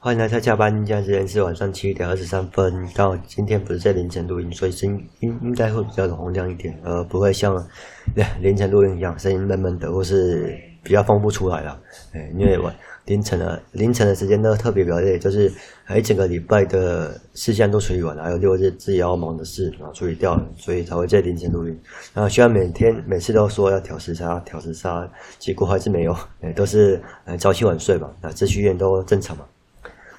歡迎大家加班，現在時間是晚上七點二十三分。剛好今天不是在凌晨錄音，所以聲音應該會比較的洪亮一點，呃，不會像凌晨錄音一樣聲音悶悶的，或是比較放不出來了。哎，因為我凌晨的凌晨的時間都特別比較累，就是哎整個禮拜的事項都處理完了，還有六日自己要忙的事，然後處理掉了，所以才會在凌晨錄音。後、啊、雖然每天每次都說要調時差，調時差，結果還是沒有，哎，都是、哎、早起晚睡嘛，那、啊、秩序院都正常嘛。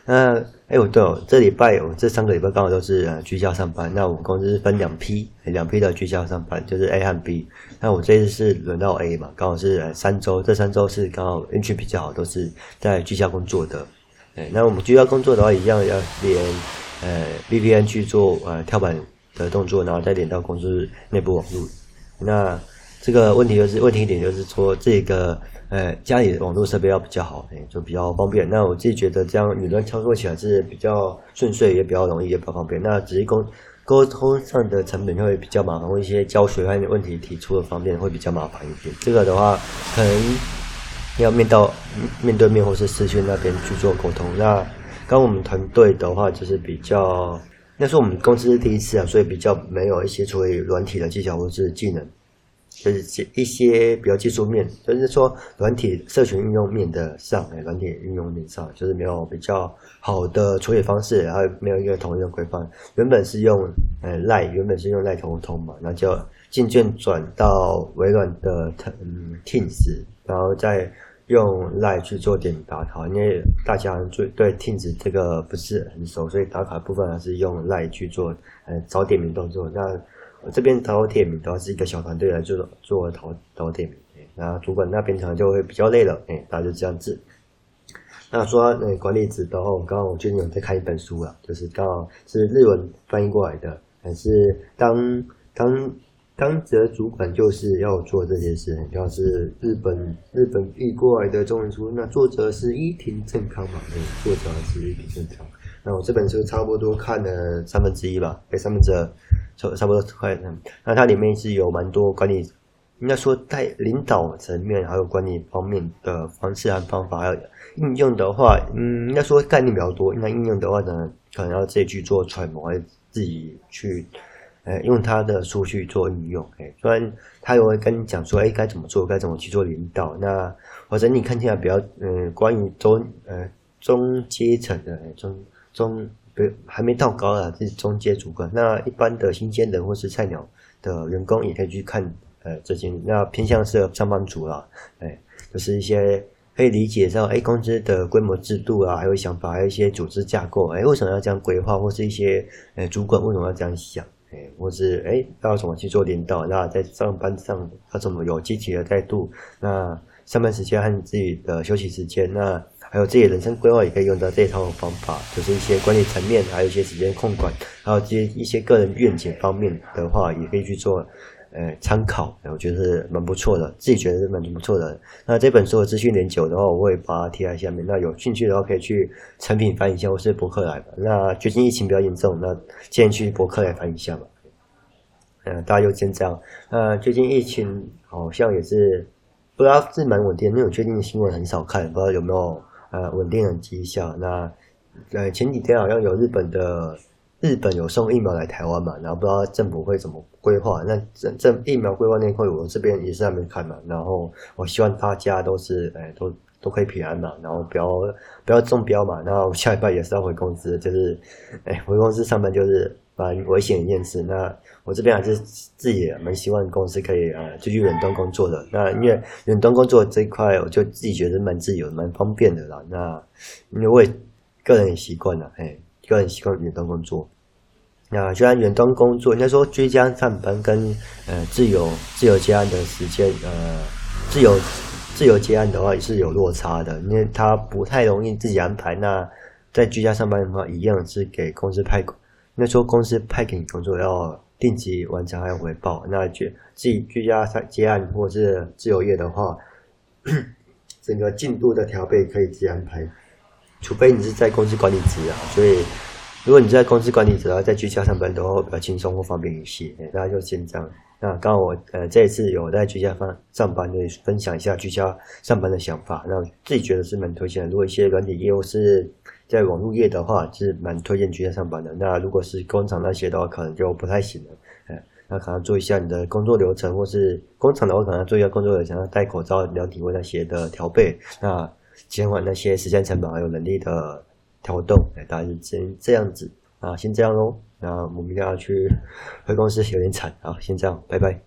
那哎，我、欸、對哦，這禮拜我這三個禮拜剛好都是呃居家上班。那我們公司是分兩批，兩批的居家上班就是 A 和 B。那我這一次是輪到 A 嘛，剛好是三周，這三周是剛好運氣比較好，都是在居家工作的。誒那我們居家工作的話，一樣要連呃，VPN 去做呃跳板的動作，然後再連到公司內部網路。那這個問題就是問題一點，就是說這個，呃、哎，家裡的網絡設備要比較好，哎，就比較方便。那我自己覺得這樣，理論操作起來是比較順遂，也比較容易，也比較方便。那只是溝溝通上的成本會比較麻煩，或一些教學方面問題提出的方面會比較麻煩一點。這個的話，可能要面到面對面，或是視訊那邊去做溝通。那剛我們團隊的話，就是比較，那是我們公司是第一次啊，所以比較沒有一些處理軟體的技巧或者是技能。就是一些比較技術面，就是說軟體社群應用面的上，誒，軟體應用面上，就是沒有比較好的處理方式，然後，沒有一個統一的規範。原本是用賴，嗯、LINE, 原本是用賴通通嘛，那就進捲轉到微軟的嗯 Teams，然後再用賴去做點打卡，因為大家對對 Teams 這個不是很熟，所以打卡的部分還是用賴去做呃、嗯，找點名動作。那我這邊淘鐵然都是一個小團隊來做做淘淘鐵那主管那邊可能就會比較累了，哎，大家就這樣子。那說到管理職，然後剛剛我最近有在看一本書啊，就是剛好是日文翻譯過來的，還是當當當責主管就是要做這些事。要是日本、嗯、日本譯過來的中文書，那作者是伊庭正康嘛？哎，作者是伊庭正康。嗯、那我這本書差不多看了三分之一吧，哎，三分之一。差差不多十塊，那它裡面是有蠻多管理，應該說在領導層面還有管理方面的方式和方法，應用的話，嗯，應該說概念比較多。應該應用的話呢，可能要自己去做揣摩，自己去，呃、用他的數據做應用。哎、欸，雖然他也會跟你講說，哎、欸，該怎麼做，該怎麼去做領導，那或者你看起來比較，嗯，關於中，呃，中階層的，中、欸、中。中還沒到高啊，是中階主管。那一般的新鮮人或是菜鳥的員工也可以去看，呃，這些。那偏向是上班族啦。哎、欸，就是一些可以理解到，哎、欸，公司的規模、制度啊，還有想法，還有一些組織架構，哎、欸，為什麼要這樣規劃，或是一些，哎、欸，主管為什麼要這樣想，哎、欸，或是哎、欸，要怎麼去做領導，那在上班上他怎麼有積極的態度，那。上班時間和你自己的休息時間，那還有自己人生規劃，也可以用到這一套的方法，就是一些管理層面，還有一些時間控管，還有一些一些個人願景方面的話，也可以去做，呃，參考。我覺得是蠻不錯的，自己覺得是蠻不錯的。那這本書的資訊連結的話，我會把它貼在下面。那有興趣的話，可以去誠品翻一下，或是博客來的，那最近疫情比較嚴重，那建議去博客來翻一下吧。嗯、呃，大家又緊張。那最近疫情好像也是。不知道是蠻穩定，沒有確定的新聞很少看，不知道有沒有呃穩定的跡象。那呃前幾天好像有日本的日本有送疫苗來台灣嘛，然後不知道政府會怎麼規劃。那這這疫苗規劃那塊，我這邊也是在那邊看嘛。然後我希望大家都是呃都。都可以平安嘛，然後不要不要中標嘛，然後下禮拜也是要回公司，就是哎回公司上班就是蠻危險一件事。那我這邊還是自己也蠻希望公司可以啊、呃、繼續遠端工作的。那因為遠端工作這一塊，我就自己覺得蠻自由、蠻方便的啦。那因為我也個人也習慣了，嘿、哎，個人習慣遠端工作。那雖然遠端工作，應該說居家上班跟呃自由自由家的時間呃自由。自由接案的話也是有落差的，因為他不太容易自己安排。那在居家上班的話，一樣是給公司派。那時候公司派給你工作要定期完成還有回報，那去自己居家接案或者是自由業的話，整個進度的調配可以自己安排。除非你是在公司管理職啊，所以如果你在公司管理職啊，在居家上班的話會比較輕鬆或方便一些，那就先這樣。那剛好我呃這一次有在居家方上班，就分享一下居家上班的想法。那自己覺得是蠻推薦的。如果一些軟體業務是在網絡業的話，就是蠻推薦居家上班的。那如果是工廠那些的話，可能就不太行了，呃。那可能做一下你的工作流程，或是工廠的話，可能做一下工作流程，想要戴口罩、量體溫那些的調配，那減緩那些時間成本還有能力的調動。哎，呃，大家先這樣子，啊，先這樣嘍。那我們要去回公司有點慘啊，先這樣，拜拜。